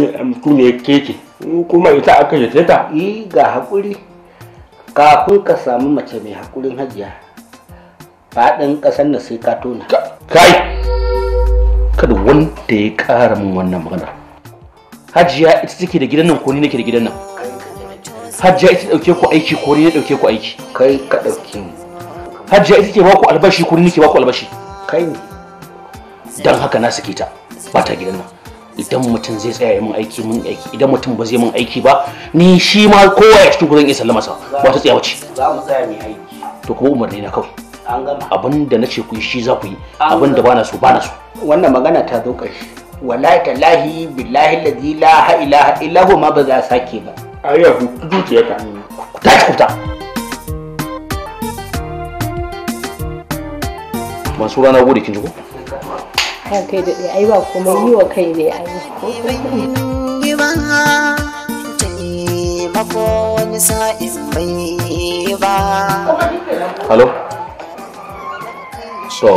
mutum ne keke kuma ita aka yi ta yi ga haƙuri kafin ka samu mace mai haƙurin hajiya faɗin ƙasar na sai ka tona kai kada wanda ya ƙara min wannan magana hajiya ita take da gidan nan ko ni nake da gidan nan hajiya ita ɗauke ku aiki ko ni na ɗauke ku aiki kai ka ɗauke ni hajiya ita ke baku albashi ko ni nake baku albashi kai ne dan haka na sake ta ba ta gidan nan idan mutum zai tsaya ya mun aiki mun aiki idan mutum ba zai mun aiki ba ni shi ma kowa ya cikin gurin iya sallama sa ba ta tsaya wace za mu tsaya mai aiki to kuma umarni na kawai an gama abin da nace ku yi shi za ku yi abin da bana so bana so wannan magana ta zo ƙarshe wallahi tallahi billahi allazi la ilaha illa huwa ma ba za a sake ba ayya mm. ku ta ku ta ku fita Mansura na gode kin ji ko? kan kai da ai ba kuma yi wa kai ne ai Hello? So,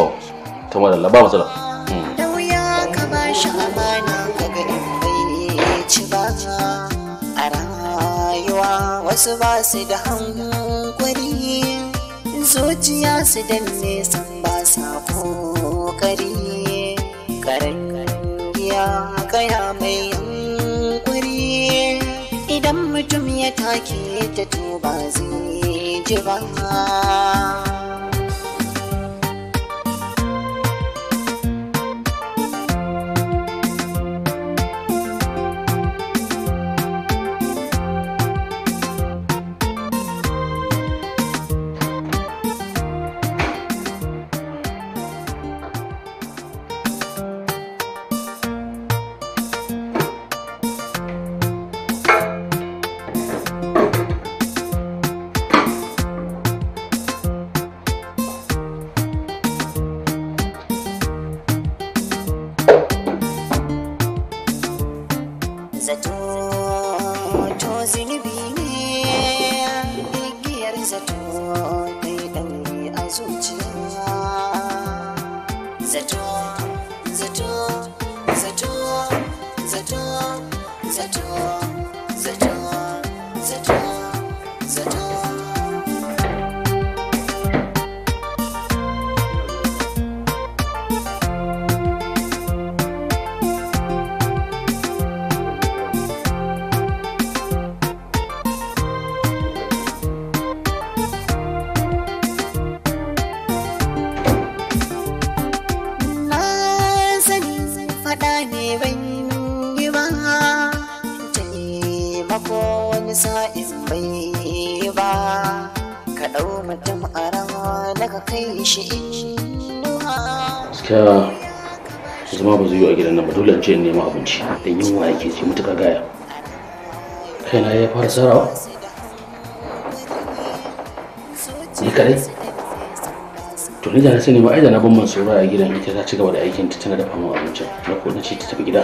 tuma da ba matsala. wasu ba su da hankali zuciya su danne san ba sa kokari karin ya gaya mai yankuri idan mutum ya take ta to ba zai ji ba da je nema abinci da yunwa yake ji mutuka gaya kaina ya fara sarawa ni kadai to ni da na sani ba ai da na ban mansura a gidan ita ta ci gaba da aikin ta tana da mu abincin na ko na ce ta tafi gida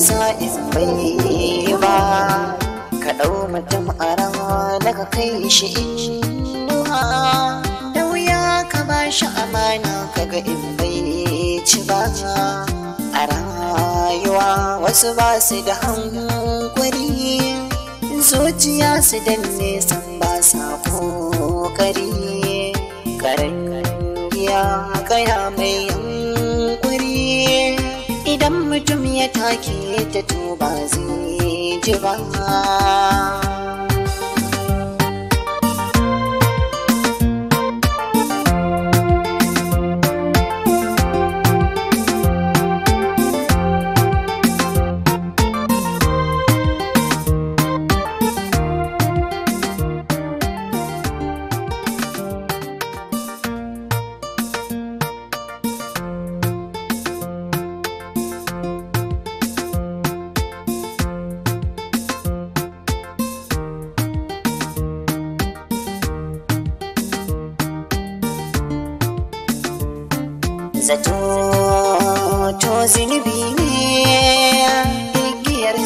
sa'in bai ba ka ɗau mutum a rawa daga kai shi inuwa da wuya ka ba shi amana kaga in bai ci ba a rayuwa wasu ba su da hankuri zuciya su danne san ba sa kokari karin ki ta tuba zai ji ba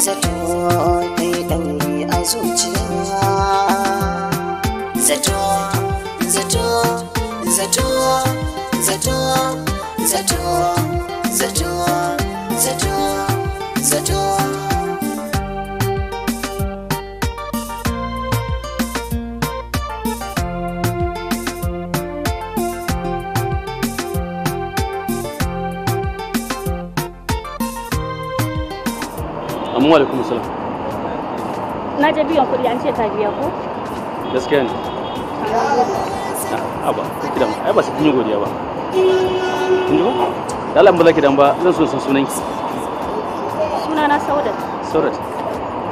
zato dai dauri a zuciya zato zato zato zato zato zato zato zato zato Amin alaikum salam. Na je biyan kuɗi an ce ta biya ko? Gaskiya ne. Ah, Aba, kidan ai ba su kun godiya ba. kin ji ba? Da Allah ba zaki dan ba zan so san sunan ki. na Saudat. Saudat.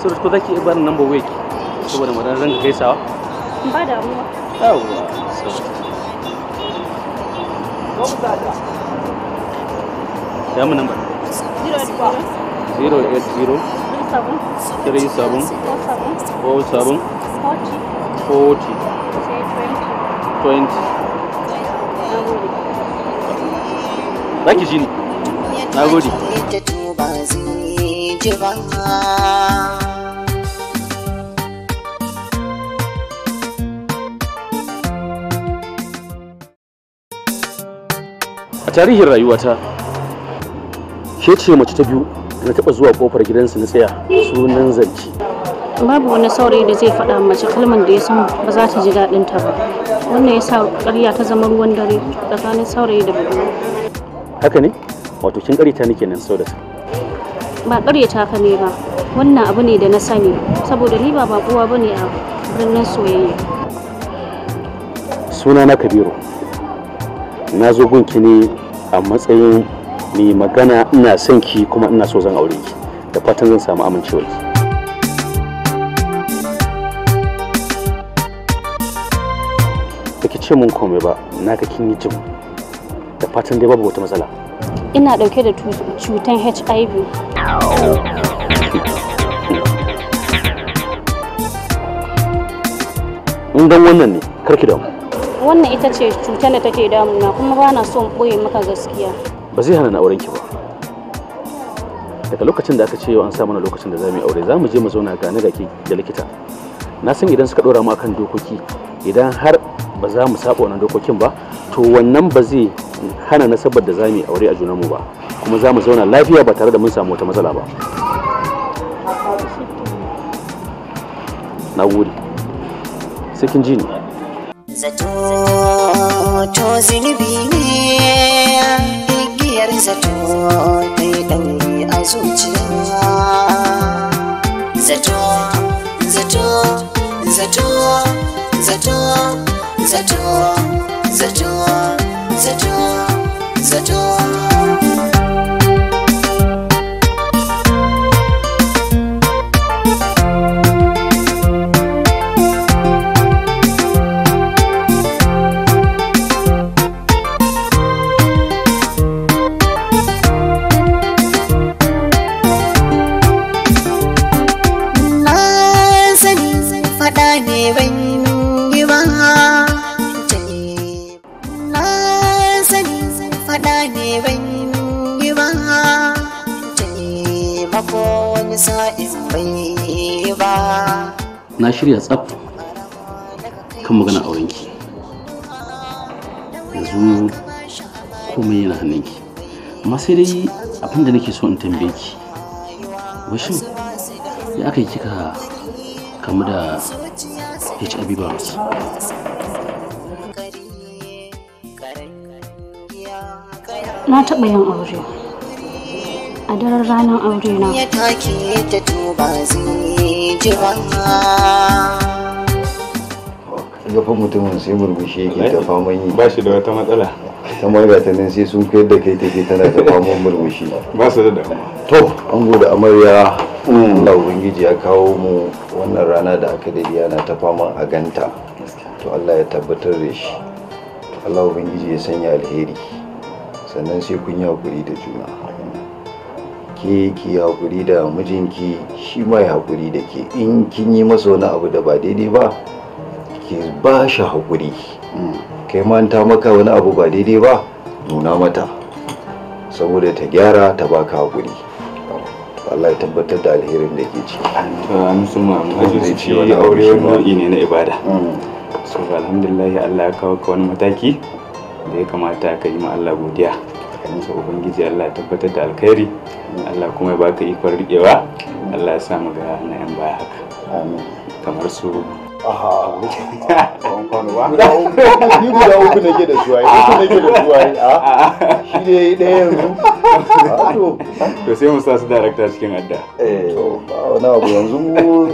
Saudat ko zaki ibar number waya ki saboda madan ranka gaisawa? Ba damuwa. Yawwa. Saudat. Ya mu number. 080 seven. Three seven. Four seven. Four seven. Forty. Forty. Say twenty. Twenty. A tarihin rayuwata, ke ce mace ta biyu na taba zuwa kofar gidansu na tsaya sunan zance. babu wani saurayi da zai faɗa mace kalmar da ya san ba za ta ji daɗin ta ba wannan yasa ƙarya ta zama ruwan dare tsakanin saurayi da budurwa haka ne wato kin ta nake nan sau da sa ba ta ka ne ba wannan abu ne da na sani saboda ni ba baƙuwa bane a birnin soyayya suna na kabiru na zo gunki ne a matsayin mai magana ina son ki kuma ina so zan aure ki da fatan zan samu amincewar ki baki ce mun komai ba na ga kin yi jin da fatan dai babu wata matsala ina dauke da cutan HIV in dan wannan ne karki damu wannan ita ce cutar da take damuna kuma ba na son ɓoye maka gaskiya ba zai hana na aurenki ba daga lokacin da aka ce an sa mana lokacin da za mu yi aure za mu je mu zauna ga ga ki da likita na san idan suka dora mu akan dokoki idan har ba za mu saba wannan dokokin ba to wannan ba zai hana nasabar da za mu yi aure a junanmu ba kuma za mu zauna lafiya ba tare da mun samu wata matsala ba na gode sai kin ji ni zato to ne gaskiyar zato kai ɗauri a zuciya zato zato zato zato zato zato zato zato amma sai dai abinda nake so in tambaye ki washin ya aka yi kika kamu da hiv virus na taɓa yin aure a daren ranar aure na ya take ta tuba zai ji ba mutumin sai murmushi yake ta faman yi ba shi da wata matsala kamar ga tanin sai sun kai da kai take tana ta faman murmushi ba su da damuwa to an gode amarya Allah ubangiji ya kawo mu wannan rana da aka da yana ta faman a ganta to Allah ya tabbatar da shi Allah ubangiji ya sanya alheri sannan sai kun yi hakuri da juna ke ki hakuri da mijinki shi ma ya hakuri da ke in kin yi masa wani abu da ba daidai ba ki ba shi hakuri kai ma maka wani abu ba daidai ba nuna mata saboda ta gyara ta baka hakuri Allah ya tabbatar da alherin da ke ciki aure ne na ibada mm. so alhamdulillah Allah ya kawo ka wani mataki da ya kamata ka yi ma Allah godiya sa ubangiji Allah ya tabbatar da alkhairi Allah kuma ya baka ikon rikewa Allah ya sa mu ga na yan baya haka kamar su Ni guda uku nake da suwaye, uku nake da suwaye, ah, shi ne ɗaya yanzu. To sai mu sa su darakta cikin adda. Eh, wani abu yanzu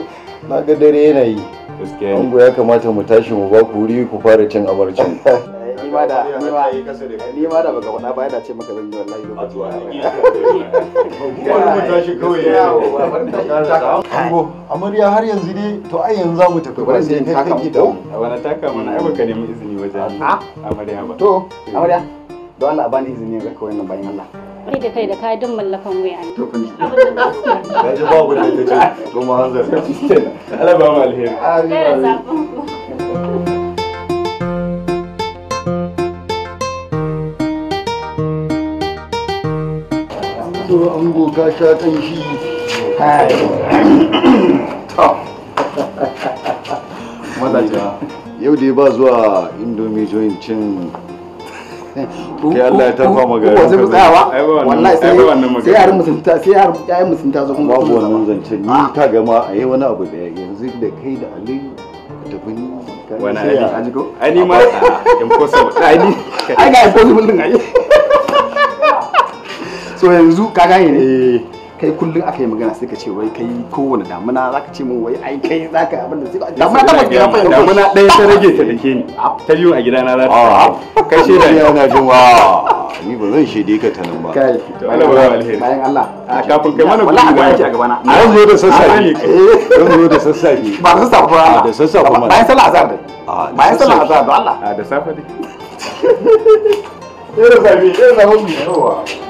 na ga dare yanayi. Gaskiya. Ango ya kamata mu tashi mu ba ku wuri ku fara cin abarcin. ni ma da ni ma ni ma da baka wani bayan da ce maka zan yi wallahi lokaci wani mutum shi kawai ya amarya har yanzu ne to ai yanzu za mu tafi bari sai ka kai da a wani taka mana ai baka nemi izini wajen amarya ba to amarya don Allah a bani izini ga kawai nan bayan Allah kai da kai da ka dun mallakan wuya ne. To kun ji. Ka ji babu da ta to ma hanzar. Allah ba mu alheri. Amin. ko ka sha kanshi yau dai ba zuwa indomi joint cin ya tafa magana ba sai sai musunta babu wannan zance ni ah. ka gama a yi wani abu da yanzu da kai da Ali da bin wani ni ma so yanzu ka gane ne kai kullum aka yi magana sai ka ce wai kai kowane damuna za ka ce mun wai ai kai za ka abin da sai ba damuna ta mutu gafa yau damuna ɗaya ta rage ta dake ni ah. ta biyu a gidana za ta ah. kai shi da yana jin wa ni ba zan shaide ka ta nan ba kai Allah ba alheri bayan Allah a ah, kafin kai mana wallahi ga yake a gaba na zan zo da sassafe zan zo da sassafe ba da sassafe ba da sassafe ma bayan sallah azhar bayan sallah azhar Allah da safe dai Eu não sabia, eu não sabia.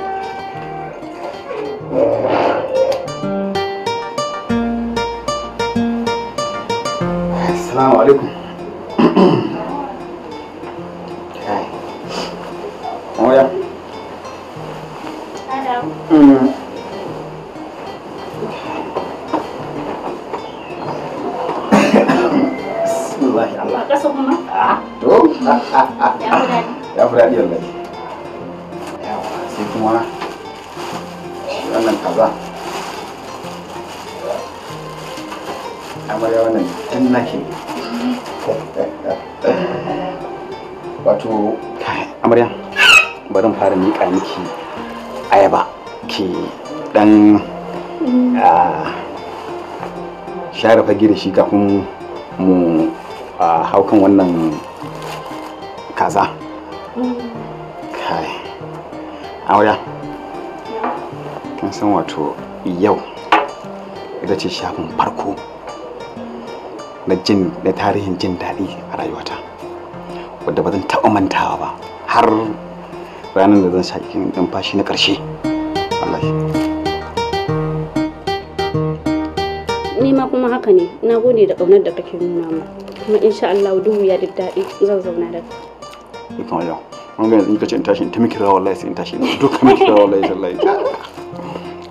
Assalamu alaikum. Oya. wannan kaza amarya wannan tun nake wato amarya bari fara miƙa miki ayaba ki dan share fage da shi kafin mu hau kan wannan kaza mm. kai amarya kin san wato yau ita ce shafin farko na jin na tarihin jin daɗi a rayuwata wadda ba zan taɓa mantawa ba har ranar da zan shaƙi numfashi na ƙarshe wallahi ni ma kuma haka ne na gode da ƙaunar da kake nuna mu kuma insha Allah duk ya da daɗi zan zauna da kai ikon yau mun ga yanzu kace in tashi in ta miki rawa wallahi sai in tashi in duka miki rawa wallahi wallahi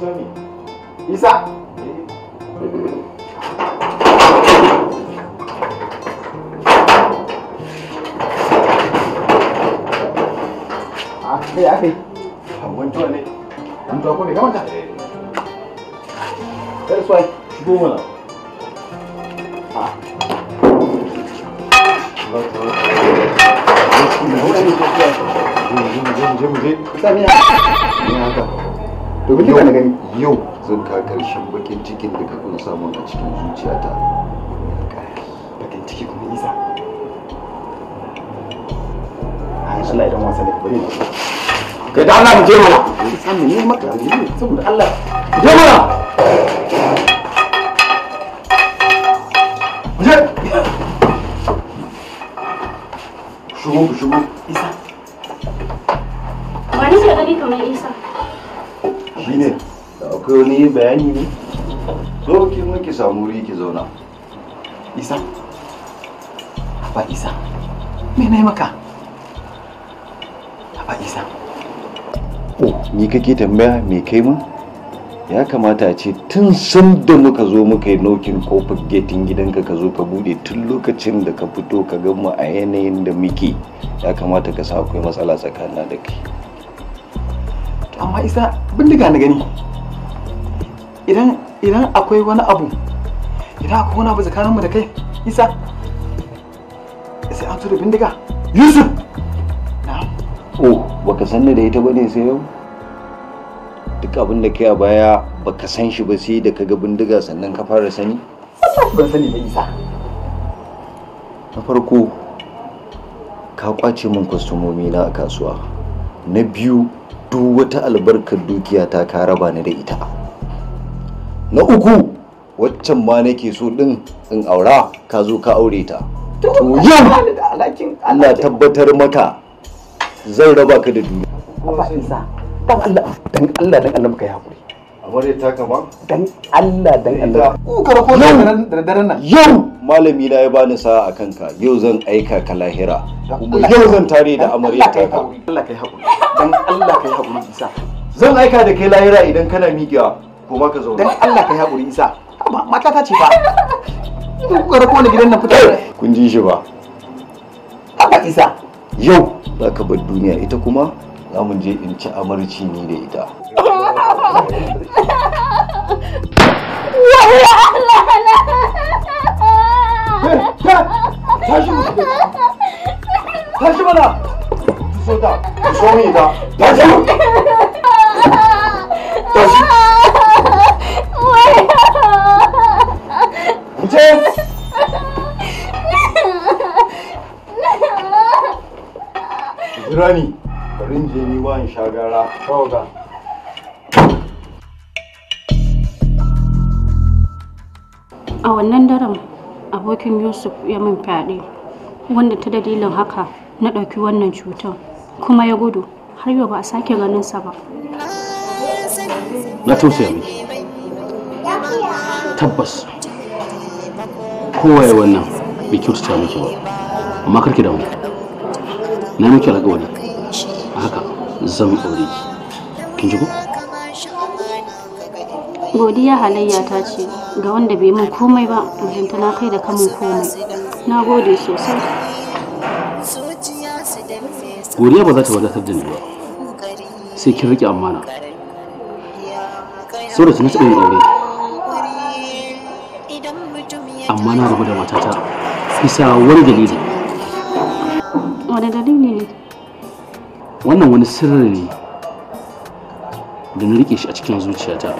Sony. Isa. Ah, ya ake. Hawan tuwa ne. An tuwa ko ne kamar ta. Kai suwai, shigo mana. Ah. Muje, muje, muje, muje. Ita ne haka. Ne haka. to kika ne gani yau zan ka karshen bakin cikin da ka kun samu a cikin zuciyata bakin ciki kuma isa Allah idan wasa ne bari ka da Allah mu je mana san mu ne maka saboda Allah je mana je shugo shugo isa wani sai gani kamar isa shine da akwai wani bayani ne zo ki mun ki samu wuri ki zauna isa Haba isa me na maka Haba isa oh ni kake tambaya me kai mun ya kamata a ce tun san da muka zo muka yi nokin kofar getin gidanka ka zo ka bude tun lokacin da ka fito ka gan mu a yanayin da muke ya kamata ka sa akwai matsala tsakanin da kai amma isa bindiga na gani idan idan akwai wani abu idan akwai wani abu tsakaninmu da kai isa sai an tura bindiga yusuf na oh baka ni da ita bane sai yau duk abin da kai a baya baka san shi ba sai da kaga bindiga sannan ka fara sani ban sani ba isa na farko ka kwace min kwastomomi na a kasuwa na biyu duk wata albarkar dukiya ta ka raba ni da ita na uku waccan ma nake so din in aura ka zo ka aure ta to yau Allah tabbatar maka zan raba ka da duniya dan Allah dan Allah dan Allah maka ya hakuri Amar ta kama? Dan Allah dan eh, Allah. Ko kar ko da daren nan. Yau malami na ya bani sa'a a kanka yau zan aika ka lahira. Kuma yau zan tare da amarya ta ka. Allah kai haƙuri. Dan Allah kai haƙuri Isa. Zan aika da kai lahira idan kana miƙewa kuma ka zauna. Dan Allah kai haƙuri Isa. Mata ta ce fa. Ko kar ko gidan nan fita. Eh, kun ji shi ba. Abba Isa. Yau za ka bar duniya ita kuma za mu je in ci amarci ni da ita. 我来了！哎，哎，干什么呢？干什么呢？收到，双面的，干什么？小心！我来了！你站！不然你，反正你晚上干了，够了。a wannan daren abokin yusuf ya min fyaɗe wanda ta dalilin haka na ɗauki wannan cutar kuma ya gudu har yau ba a sake ganinsa ba na tausaya miki tabbas kowaye wannan bai ta miki ba amma karki wani na miki alƙawari haka zan aure ki kin ji ko godiya halayya ta ce ga wanda bai min komai ba mijinta na kai da kamun komai na gode sosai godiya ba za ta wadatar da ni ba sai kin rike amana sau da tuni taɓa yin aure amma na rabu da matata bisa wani dalili wani dalili ne wannan wani sirri ne da na rike shi a cikin zuciyata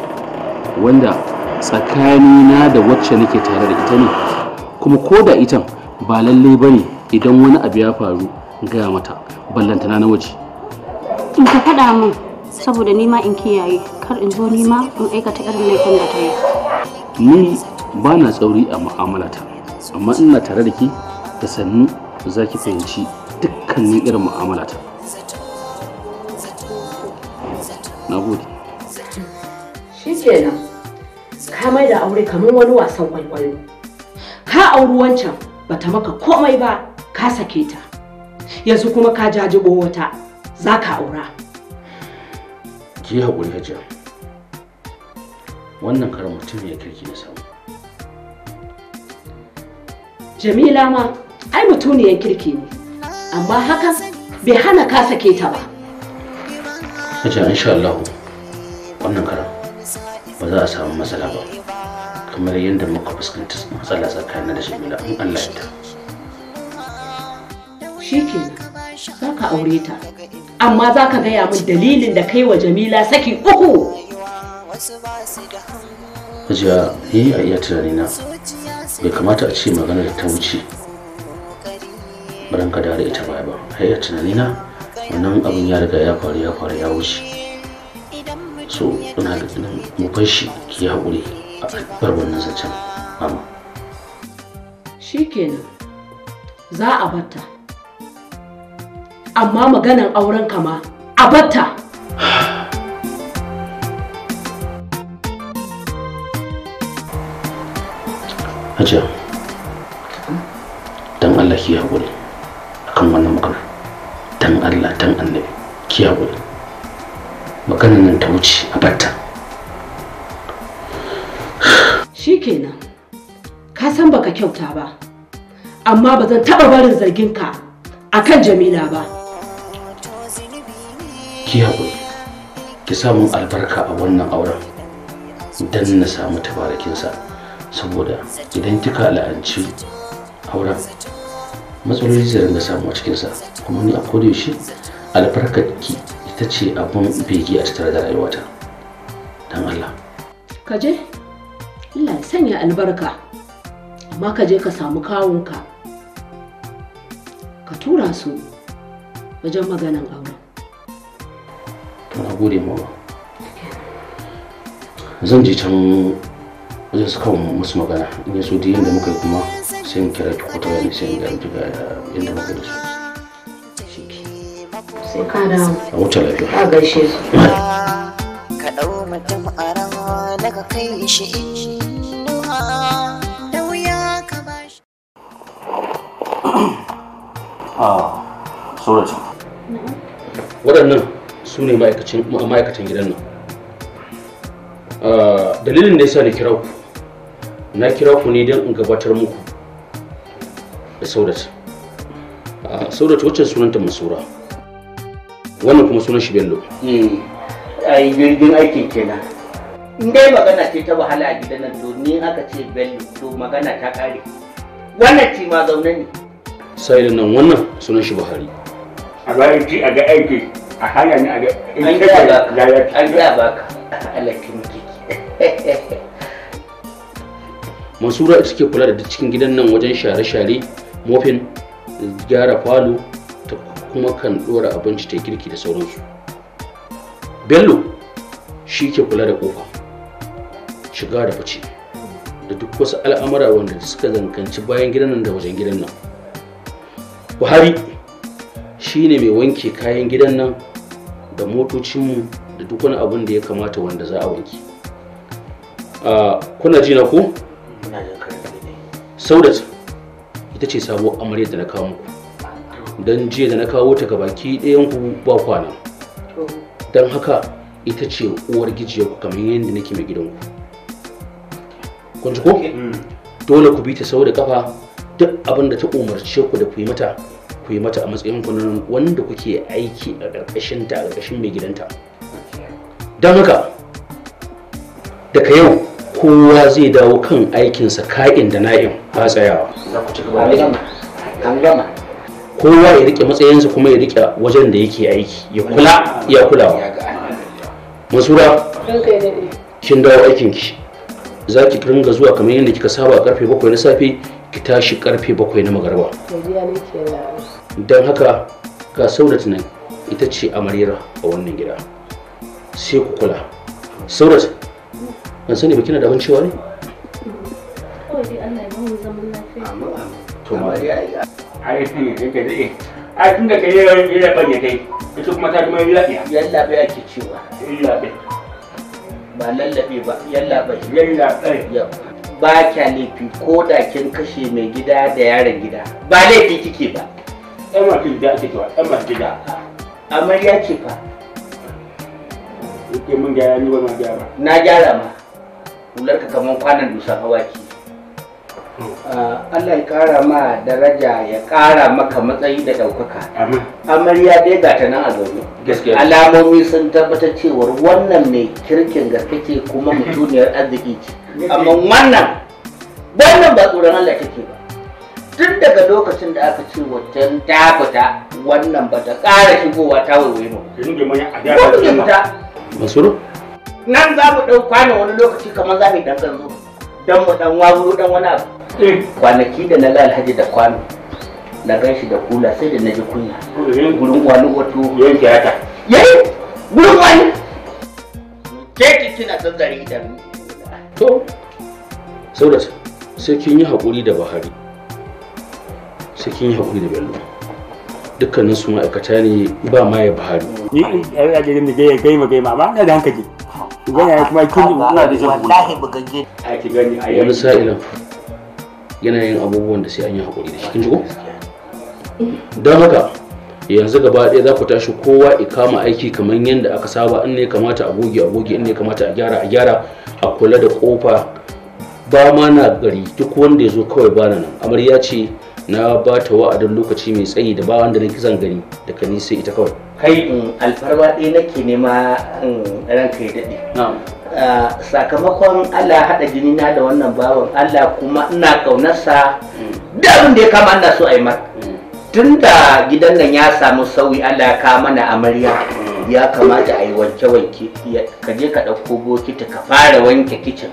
wanda Tsakani na da wacce nake tare da ita ne kuma ko da ita ba lalle ba ne idan wani abu ya faru gaya mata ballantana na waje in ka faɗa min saboda nima in kiyaye kar in zo nima in aikata irin laifin da ta yi ni ba na tsauri a mu'amalata amma ina tare da ki da sannu za ki fahimci dukkanin irin mu'amalata na gode shi kenan ka mai da aure kamar wani wasan kwaikwayo ka auri wancan ta maka komai ba ka sake ta yanzu kuma ka jajibo wata za ka aura ki haƙuri hajiya wannan karan mutum ya kirki na samu jamila ma ai mutuniyar kirki ne amma haka bai hana ka sake ta ba hajiya insha Allah wannan karan ba za a samu matsala ba kamar yadda muka fuskanta matsala tsakanin da shamila in allah ya shi ke za ka aure ta amma za ka gaya min dalilin da kai wa jamila saki uku Hajiya ni a iya tunanina bai kamata a ce magana da ta wuce baran ka da ita baya ba a iya na wannan abin ya riga ya faru ya faru ya wuce so don haka nan mu bar shi ki haƙuri a bar wannan zancen mama shikenan za a batta amma maganan auren kama a batta Hajiya, don Allah ki haƙuri kan wannan magana, don Allah, don annabi, ki haƙuri. maganar nan ta wuce a batta shikenan ka san baka kyauta ba amma ba zan taɓa barin zarginka a kan jamila ba ki haƙuri ki samun albarka a wannan auren don na samu tabarakinsa saboda idan kika la'anci auren matsaloli zai ringa samu a cikinsa kuma ni a kodayaushe albarkar ki ita ce abin bege a tattara da rayuwata don Allah ka je Allah ya sanya albarka amma ka je ka samu kawunka ka tura su wajen maganan aure to na gode ba zan je can wajen su kawo musu magana in yaso da yadda muka yi kuma sai in kira ki ko ta sai in ga eh, yadda muka da su sai a huta lafiya da shi a suratu ah, waɗannan su ne ma'aikatan gidan nan ah, dalilin da ya sa ni kira ku na kira ku ne don in gabatar muku da saudat ah, saudat wacce sunanta masura wannan kuma sunan shi bello hmm. ai jirgin aiki kenan in dai magana ce ta wahala a gidan nan ni aka ce bello to magana ta kare wannan ci ma zaune ne sai nan wannan sunan shi buhari a bayan ci a ga aiki a hanya ne a ga an gaya baka an gaya baka alakin kiki masura ita ke kula da cikin gidan nan wajen share-share mofin gyara falo kuma kan ɗora abinci ta girki da sauransu bello shi ke kula da kofa, shiga da fice da duk wasu al'amura wanda suka zankanci bayan gidan nan da wajen gidan nan buhari shi ne mai wanke kayan gidan nan da motocinmu da duk wani abin da ya kamata wanda za a wanke kuna ji na ko? saudat ita ce sabo amarya da na kawo muku don jiya da na kawo ta ga baki ɗayan ku ba kwana don haka ita ce uwar gijiyar ku kamar yadda nake mai gidan ku kun ji ko mm. dole ku bi ta sau da kafa duk abin da ta umarce ku da ku yi mata ku yi mata a matsayin ku wanda kuke aiki a ƙarƙashin ta a ƙarƙashin mai gidanta don haka daga yau kowa zai dawo kan aikinsa ka'in da na'in ba tsayawa. Za ku ci gaba. da gama. kowa ya rike matsayinsa kuma ya rike wajen da yake aiki ya kula ya kulawa masura kin dawo aikin ki za ki ringa zuwa kamar yadda kika saba karfe bakwai na safe ki tashi karfe bakwai na magarba don haka ga saurat nan ita ce amaryar a wannan gida sai ku kula saurat ban sani ba kina da cewa ne to ai yake dai ai tun da kai ya ban ya kai ita kuma ta kuma yallaɓe yallaɓe ake cewa yallaɓe ba lallaɓe ba yallaɓe yallaɓe ba kya laifi ko da kin kashe mai gida da yaron gida ba laifi kike ba ɗan masu gida ake cewa ɗan masu gida amarya ce fa yake mun gyara ni ba ma gyara na gyara ma hular ka kaman kwanan dusa hawa ki Ah, Allah ya ƙara ma daraja ya ƙara maka matsayi da ɗaukaka. Amarya dai ga ta nan a zaune. Alamomi sun tabbatar cewar wannan ne kirkin gaske ce kuma mutuniyar arziki ce. Amma wannan wannan ba tsoron Allah take ba. Tun daga lokacin da aka ce wajen ta fita wannan ba ta ƙara shigowa ta waiwai ba. Yanzu Masuru? Nan za mu ɗau kwanan wani lokaci kamar za mu yi Dan mu ɗan wawuro ɗan wani abu. kwanaki da na lalhaji alhaji da kwano na ganshi da kula sai da na ji kunya eh. gurin wani wato yanke haka yayi gurin wani ke kina da idanu to sau sai kin yi haƙuri da bahari sai kin yi haƙuri da bello dukkanin su ma'aikata ne ba ma ya bahari ni a gidan da gaya gaima gaima amma na da hankali gaya kuma kin yi wallahi bugagge a ki gani a wani sa'ilan Yanayin abubuwan da sai an yi haƙuri da shi kin ji ko don haka yanzu gaba ɗaya za ku tashi kowa i kama aiki kamar yadda aka saba in ne kamata a goge a goge in ne kamata a gyara a gyara a kula da kofa ba ma na gari duk wanda ya zo kawai bana nan amarya ce na ba ta wa'adin lokaci mai tsayi da ba wanda na kisan gari daga ni ita kawai kai alfarma ɗaya nake nema ranka ya daɗe ah, sakamakon allah haɗa jini na da wannan bawan allah kuma ina ƙaunarsa mm. da abin da ya kama ana so a yi maka mm. tun gidan nan ya samu sauyi allah ya kama na amarya mm. ya kamata a yi wanke-wanke ka je ka ɗauko bokiti ka fara wanke kicin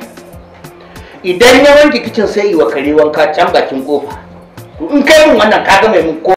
idan ya wanke kicin sai yi kare wanka can bakin kofa in kai mun wannan ka ga mai mun ko